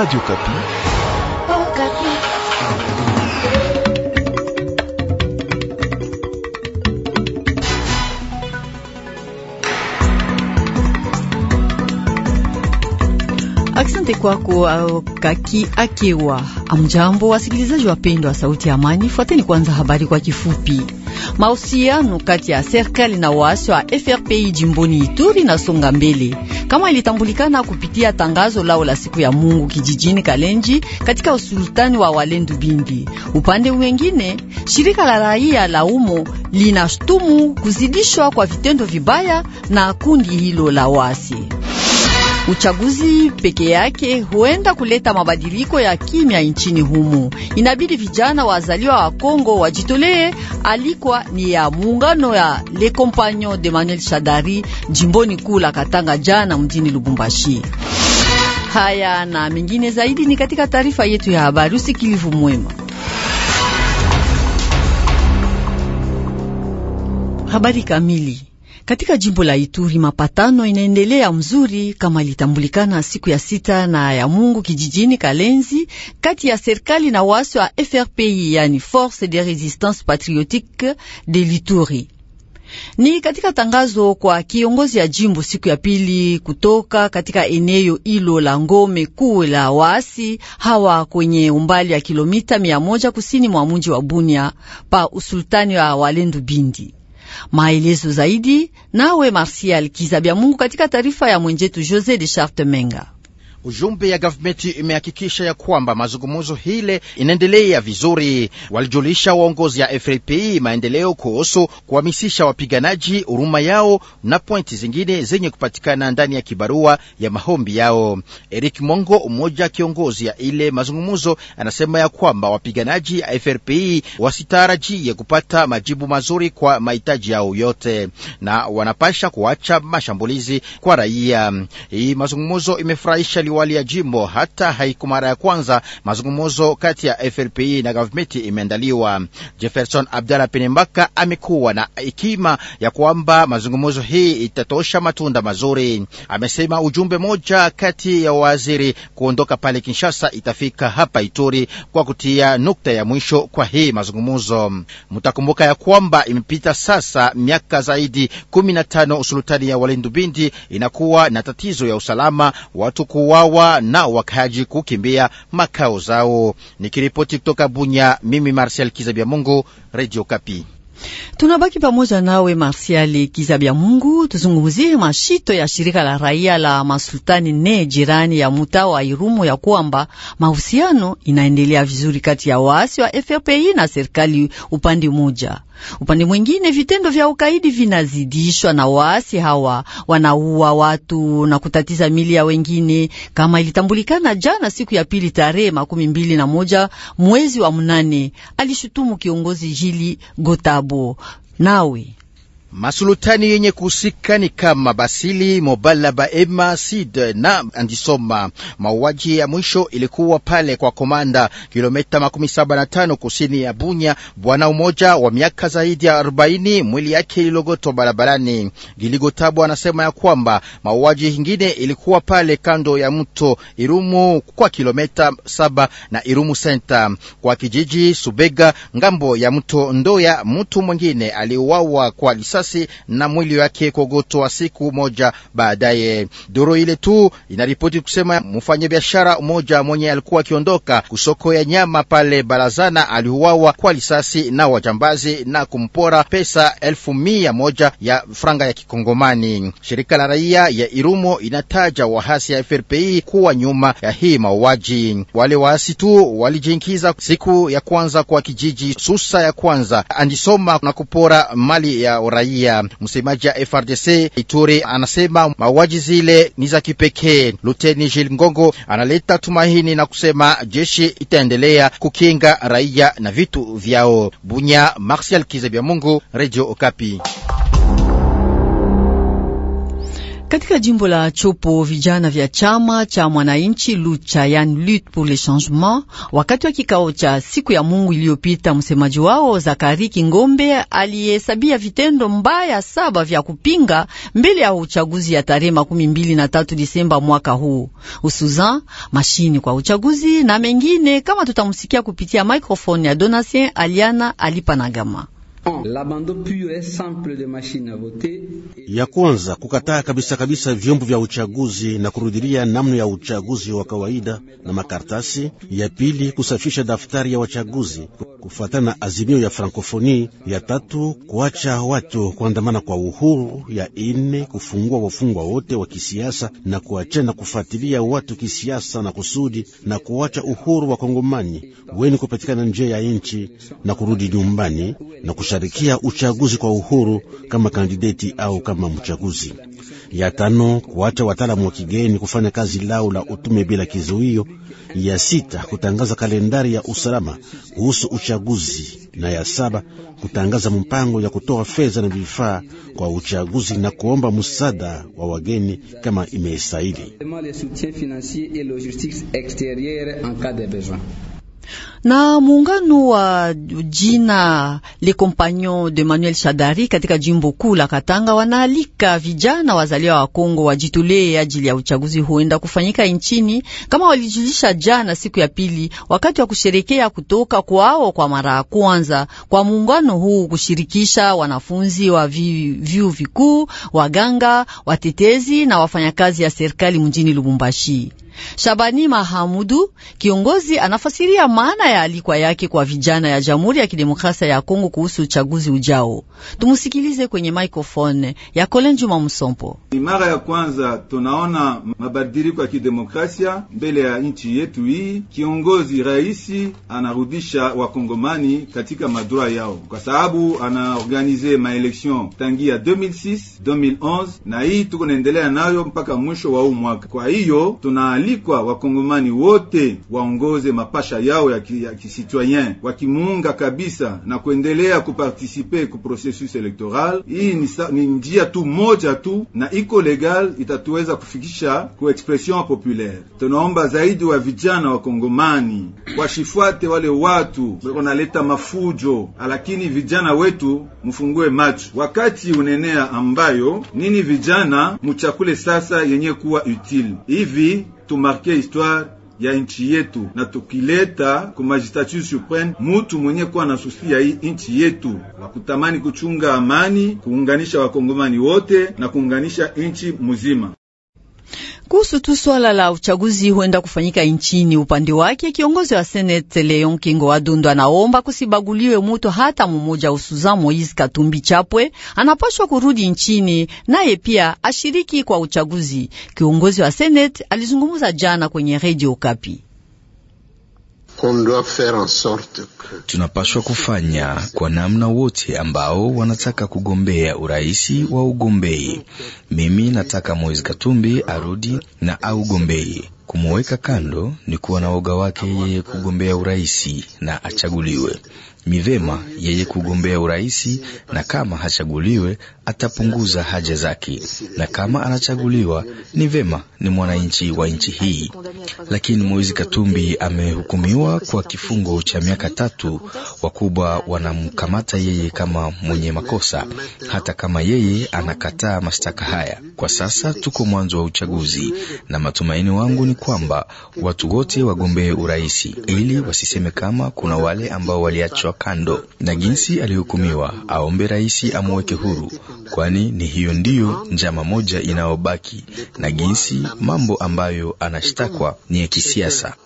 Radio Kapi. Oh, Kapi. Asante kwako Kaki Akewa. Amjambo wasikilizaji wapendwa, sauti ya amani. Fuateni kwanza habari kwa kifupi. Mahusiano kati ya serikali na waasi wa FRPI jimboni Ituri na songa mbele kama ilitambulikana kupitia tangazo lao la siku ya Mungu kijijini Kalenji katika usultani wa Walendu Bindi. Upande mwengine, shirika la raia la umo linashtumu kuzidishwa kwa vitendo vibaya na kundi hilo la waasi. Uchaguzi peke yake huenda kuleta mabadiliko ya kimya nchini humo. Inabidi vijana wazaliwa wa Kongo wajitolee. Alikuwa ni ya muungano ya Le Compagnon de Manuel Shadari jimboni kuu la Katanga jana mjini Lubumbashi. Haya na mengine zaidi ni katika taarifa yetu ya habari. Usikilivu mwema. Habari kamili katika jimbo la Ituri mapatano inaendelea mzuri kama ilitambulikana siku ya sita na ya Mungu kijijini Kalenzi, kati ya serikali na wasi wa FRPI, yani Force de Resistance Patriotique de l'Ituri. Ni katika tangazo kwa kiongozi ya jimbo siku ya pili kutoka katika eneo hilo la ngome kuu la waasi hawa kwenye umbali ya kilomita mia moja kusini mwa mji wa Bunia pa usultani wa Walendu Bindi. Maelezo zaidi nawe Marsial Kizabya katika taarifa ya mwenjetu Jose de Charte Menga. Ujumbe ya gavumenti imehakikisha ya kwamba mazungumuzo hile inaendelea vizuri. Walijulisha waongozi ya FRPI maendeleo kuhusu kuhamisisha wapiganaji huruma yao na pointi zingine zenye kupatikana ndani ya kibarua ya mahombi yao. Eric Mongo, mmoja kiongozi ya ile mazungumuzo anasema ya kwamba wapiganaji ya FRPI wasitarajie kupata majibu mazuri kwa mahitaji yao yote, na wanapasha kuacha mashambulizi kwa raia. Hii mazungumuzo imefurahisha maliwali ya jimbo. Hata haiku mara ya kwanza mazungumzo kati ya FRPI na gavumenti imeandaliwa. Jefferson Abdalla Penembaka amekuwa na hekima ya kwamba mazungumzo hii itatosha matunda mazuri. Amesema ujumbe moja kati ya waziri kuondoka pale Kinshasa itafika hapa Ituri kwa kutia nukta ya mwisho kwa hii mazungumzo. Mtakumbuka ya kwamba imepita sasa miaka zaidi kumi na tano usultani ya walindubindi Bindi inakuwa na tatizo ya usalama, watu kuwa waliuawa na wakaji kukimbia makao zao. Nikiripoti kutoka Bunya, mimi Marcel Kizabia Mungu, Radio Kapi. Tunabaki pamoja nawe Marsiali Kizabya Mungu, tuzungumzie mashito ya shirika la raia la masultani ne jirani ya mutaa wa Irumu ya kwamba mahusiano inaendelea vizuri kati ya waasi wa FRPI na serikali upande mmoja. Upande mwingine vitendo vya ukaidi vinazidishwa na waasi hawa, wanaua watu na kutatiza mili ya wengine, kama ilitambulikana jana siku ya pili tarehe makumi mbili na moja mwezi wa mnane, alishutumu kiongozi Jili Gotabu. Nawi. Masulutani yenye kuhusika ni kama Basili mobala baema Sid na Andisoma. Mauaji ya mwisho ilikuwa pale kwa Komanda, kilomita 75 kusini ya Bunya. Bwana umoja wa miaka zaidi ya 40 mwili yake ililogotwa barabarani. Giligotabwa anasema ya kwamba mauaji ingine ilikuwa pale kando ya mto Irumu kwa kilomita 7 na Irumu senta kwa kijiji Subega, ngambo ya mto Ndoya. Mtu mwingine aliuawa kwa lisa risasi na mwili wake kuogotwa siku moja baadaye. Duru ile tu inaripoti kusema mfanyabiashara mmoja mwenye alikuwa akiondoka kusoko ya nyama pale Balazana aliuawa kwa risasi na wajambazi na kumpora pesa elfu mia moja ya franga ya Kikongomani. Shirika la raia ya Irumo inataja wahasi ya FRPI kuwa nyuma ya hii mauaji. Wale waasi tu walijiingiza siku ya kwanza kwa kijiji Susa ya kwanza andisoma na kupora mali ya raia raia. Msemaji wa FRDC Ituri anasema mauaji zile ni za kipekee. Luteni Jil Ngongo analeta tumaini na kusema jeshi itaendelea kukinga raia na vitu vyao. Bunya, Marsial Kizebya Mungu, Radio Okapi. Katika jimbo la Chopo vijana vya chama cha mwananchi Lucha, yani Lutte pour le Changement, wakati wa kikao cha siku ya Mungu iliyopita, msemaji wao Zakari Kingombe aliyehesabia vitendo mbaya saba vya kupinga mbele ya uchaguzi ya tarehe makumi mbili na tatu Disemba mwaka huu, hususan mashini kwa uchaguzi na mengine kama, tutamsikia kupitia microphone ya Donatien Aliana Alipanagama ya kwanza kukataa kabisa kabisa vyombo vya uchaguzi na kurudilia namna ya uchaguzi wa kawaida na makaratasi. Ya pili kusafisha daftari ya wachaguzi kufuatana na azimio ya Frankofoni. Ya tatu kuacha watu kuandamana kwa uhuru. Ya ine kufungua wafungwa wote wa kisiasa na kuachana kufuatilia watu kisiasa na kusudi na kuacha uhuru wa Kongomani weni kupatikana nje ya nchi na kurudi nyumbani na kusha kusharikia uchaguzi kwa uhuru kama kandideti au kama mchaguzi. Ya tano, kuacha wataalamu wa kigeni kufanya kazi lao la utume bila kizuio. Ya sita, kutangaza kalendari ya usalama kuhusu uchaguzi, na ya saba, kutangaza mpango ya kutoa fedha na vifaa kwa uchaguzi na kuomba msaada wa wageni kama imestahili. Na muungano wa jina Le Compagnon de Manuel Shadari katika jimbo kuu la Katanga wanaalika vijana wazaliwa wa Kongo wajitolee ajili ya uchaguzi huenda kufanyika nchini, kama walijulisha jana siku ya pili, wakati wa kusherekea kutoka kwao kwa mara ya kwanza kwa muungano huu kushirikisha wanafunzi wa vyuo vikuu, waganga, watetezi na wafanyakazi ya serikali mjini Lubumbashi shabani mahamudu kiongozi, anafasiria maana ya alikwa yake kwa vijana ya Jamhuri ya Kidemokrasia ya Kongo kuhusu uchaguzi ujao. Tumusikilize kwenye maikrofone ya Kolenjuma Msompo. Ni mara ya kwanza tunaona mabadiliko ya kidemokrasia mbele ya nchi yetu hii. Kiongozi raisi anarudisha wakongomani katika madura yao, kwa sababu anaorganize maeleksion tangia 2006 2011 na hii tukunaendelea nayo mpaka mwisho wa huu mwaka. Kwa hiyo tuna wanaalikwa wakongomani wote waongoze mapasha yao ya, ki, ya wakimuunga kabisa na kuendelea kupartisipe ku processus electoral. Hii ni, ni njia tu moja tu na iko legal itatuweza kufikisha ku expression populaire. Tunaomba zaidi wa vijana wakongomani washifuate wale watu wanaleta mafujo, lakini vijana wetu mfungue macho, wakati unenea ambayo nini, vijana muchakule sasa yenye kuwa utile hivi tumarke histoire ya nchi yetu na tukileta ku magistrature supreme mutu mwenye kuwa na susi ya hii nchi yetu, wakutamani kuchunga amani, kuunganisha wakongomani wote na kuunganisha nchi muzima kuhusu tu swala la uchaguzi huenda kufanyika nchini. Upande wake kiongozi wa senete Leon Kingo dundu anaomba kusibaguliwe mutu hata mumoja, usuza Moise Katumbi Chapwe anapashwa kurudi nchini naye pia ashiriki kwa uchaguzi. Kiongozi wa senete alizungumza jana kwenye redio Kapi tunapaswa kufanya kwa namna wote ambao wanataka kugombea uraisi wa ugombei. Mimi nataka Moise Katumbi arudi na augombei. Kumuweka kando ni kuwa na woga wake yeye kugombea uraisi na achaguliwe ni vema yeye kugombea uraisi, na kama hachaguliwe atapunguza haja zake, na kama anachaguliwa ni vema ni mwananchi wa nchi hii. Lakini Moizi Katumbi amehukumiwa kwa kifungo cha miaka tatu. Wakubwa wanamkamata yeye kama mwenye makosa, hata kama yeye anakataa mashtaka haya. Kwa sasa tuko mwanzo wa uchaguzi, na matumaini wangu ni kwamba watu wote wagombee uraisi, ili wasiseme kama kuna wale ambao waliachwa kando, na jinsi alihukumiwa, aombe rais amuweke huru, kwani ni hiyo ndiyo njama moja inayobaki, na jinsi mambo ambayo anashtakwa ni ya kisiasa.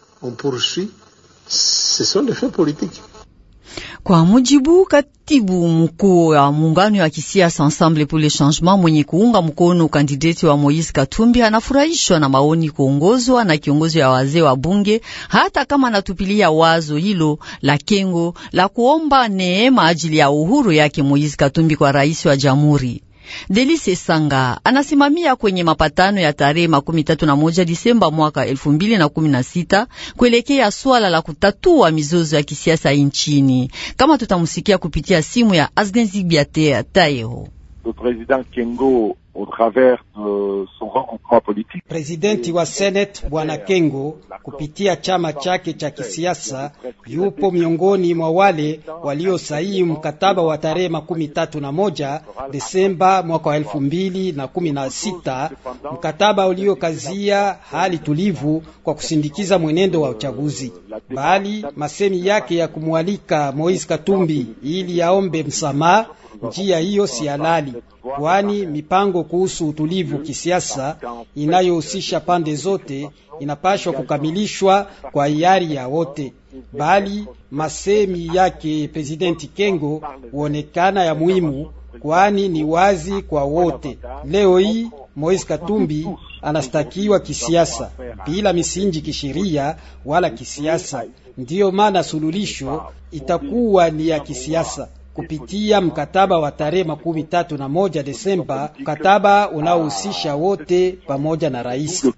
Kwa mujibu katibu mkuu wa muungano ya kisiasa Ensemble pour le Changement mwenye kuunga mkono kandideti wa Moise Katumbi anafurahishwa na maoni kuongozwa na kiongozi ya wazee wa bunge, hata kama anatupilia wazo hilo la kengo la kuomba neema ajili ya uhuru yake Moise Katumbi kwa rais wa jamhuri. Delise Sanga anasimamia kwenye mapatano ya tarehe makumi tatu na moja Disemba mwaka elfu mbili na kumi na sita kuelekea swala la kutatua mizozo ya kisiasa nchini, kama tutamusikia kupitia simu ya Asgenzi Biatea Tayeho. Le président Kengo au travers de son rencontre politique. Presidenti wa Senate Bwana Kengo kupitia chama chake cha kisiasa yupo miongoni mwa wale waliosaini mkataba wa tarehe makumi tatu na moja Desemba mwaka wa elfu mbili na kumi na sita, mkataba uliokazia hali tulivu kwa kusindikiza mwenendo wa uchaguzi, bali masemi yake ya kumwalika Moise Katumbi ili yaombe msamaha Njia hiyo si halali, kwani mipango kuhusu utulivu kisiasa inayohusisha pande zote inapashwa kukamilishwa kwa hiari ya wote, bali masemi yake Presidenti Kengo huonekana ya muhimu, kwani ni wazi kwa wote. Leo hii Moise Katumbi anastakiwa kisiasa bila misingi kisheria wala kisiasa. Ndiyo maana sululisho itakuwa ni ya kisiasa kupitia mkataba wa tarehe makumi tatu na moja Desemba, mkataba unaohusisha wote pamoja na rais.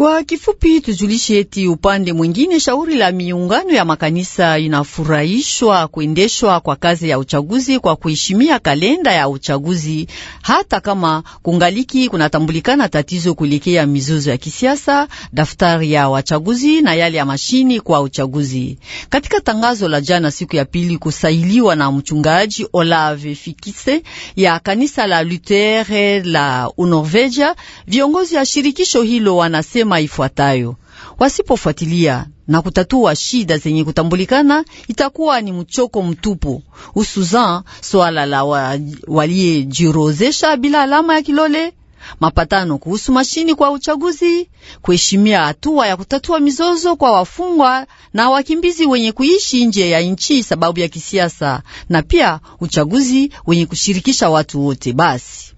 Kwa kifupi tujulishe eti upande mwingine, shauri la miungano ya makanisa inafurahishwa kuendeshwa kwa kazi ya uchaguzi kwa kuheshimia kalenda ya uchaguzi, hata kama kungaliki kunatambulikana tatizo kuelekea mizozo ya kisiasa, daftari ya wachaguzi na yale ya mashini kwa uchaguzi. Katika tangazo la jana siku ya pili kusailiwa na mchungaji Olave Fikise ya kanisa la Lutere la Unorveja, viongozi wa shirikisho hilo wanasema kusema ifuatayo: wasipofuatilia na kutatua shida zenye kutambulikana itakuwa ni mchoko mtupu, usuzan swala la wa, waliyejirozesha bila alama ya kilole, mapatano kuhusu mashini kwa uchaguzi, kuheshimia hatua ya kutatua mizozo kwa wafungwa na wakimbizi wenye kuishi nje ya nchi sababu ya kisiasa, na pia uchaguzi wenye kushirikisha watu wote. Basi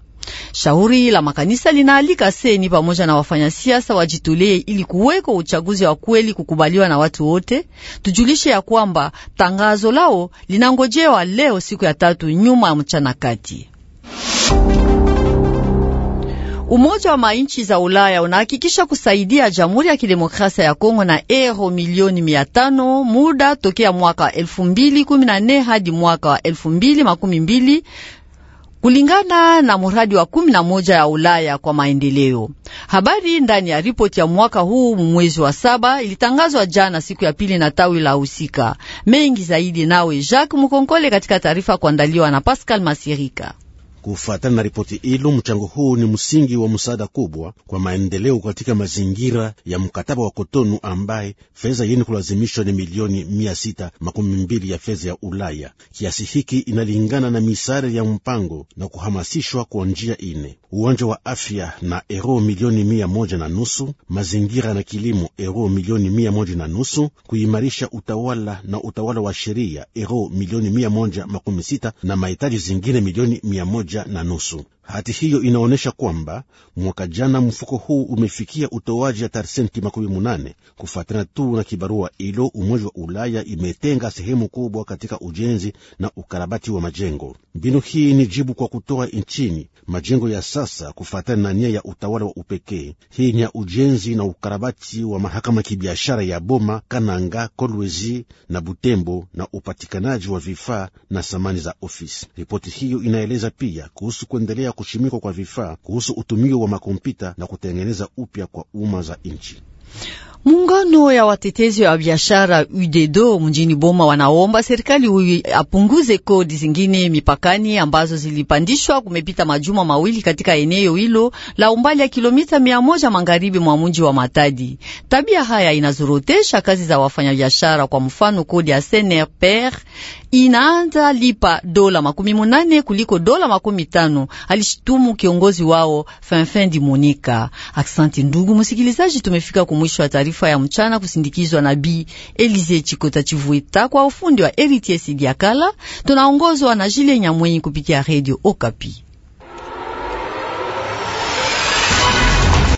Shauri la makanisa linaalika seni pamoja na wafanya-siasa siasa wajitolee ili kuweko uchaguzi wa kweli kukubaliwa na watu wote. Tujulishe ya kwamba tangazo lao linangojewa leo siku ya tatu nyuma ya mchana kati. Umoja wa mainchi za Ulaya unahakikisha kusaidia Jamhuri ya Kidemokrasia ya Kongo na euro milioni mia tano muda tokea mwaka elfu mbili kumi na nne hadi mwaka wa elfu mbili makumi mbili kulingana na muradi wa na moja ya Ulaya kwa maendeleo. Habari ndani ya ripoti ya mwaka huu mwezi wa saba ilitangazwa jana siku ya pili na tawi la husika. Mengi zaidi nawe Jacques Mukonkole katika taarifa kuandaliwa na Pascal Masirika. Kufuatana na ripoti hilo, mchango huu ni msingi wa msaada kubwa kwa maendeleo katika mazingira ya mkataba wa Kotonu, ambaye fedha yenye kulazimishwa ni milioni mia sita makumi mbili ya fedha ya Ulaya. Kiasi hiki inalingana na misaada ya mpango na kuhamasishwa kwa njia ine: uwanja wa afya na ero milioni mia moja na nusu, mazingira na kilimo ero milioni mia moja na nusu, kuimarisha utawala na utawala wa sheria ero milioni mia moja makumi sita na mahitaji zingine milioni mia moja moja na nusu. Hati hiyo inaonyesha kwamba mwaka jana mfuko huu umefikia utoaji ya tarsenti makumi munane kufuatana tu na kibarua ilo. Umoja wa Ulaya imetenga sehemu kubwa katika ujenzi na ukarabati wa majengo. Mbinu hii ni jibu kwa kutoa nchini majengo ya sasa kufuatana na nia ya utawala wa upekee. Hii ni ya ujenzi na ukarabati wa mahakama ya kibiashara ya Boma, Kananga, Kolwezi na Butembo na upatikanaji wa vifaa na samani za ofisi. Ripoti hiyo inaeleza pia kuhusu kuendelea kushimikwa kwa vifaa kuhusu utumio wa makompyuta na kutengeneza upya kwa umma za nchi. Muungano ya watetezi wa biashara UDEDO mjini Boma wanaomba serikali huyu apunguze kodi zingine mipakani ambazo zilipandishwa kumepita majuma mawili katika eneo hilo la umbali ya kilomita mia moja magharibi mwa mji wa Matadi. Tabia haya inazorotesha kazi za wafanyabiashara. Kwa mfano, kodi ya SNPR inaanza lipa dola makumi munane kuliko dola makumi tano, alishitumu kiongozi wao Fanfin Monika. Aksanti ndugu msikilizaji, tumefika kumwisho wa taarifa taarifa ya mchana kusindikizwa na Bi Elize Chikota chivuita kwa ufundi wa Eritiesi Diakala. Tunaongozwa na Jile Nyamwenyi kupitia Radio Okapi.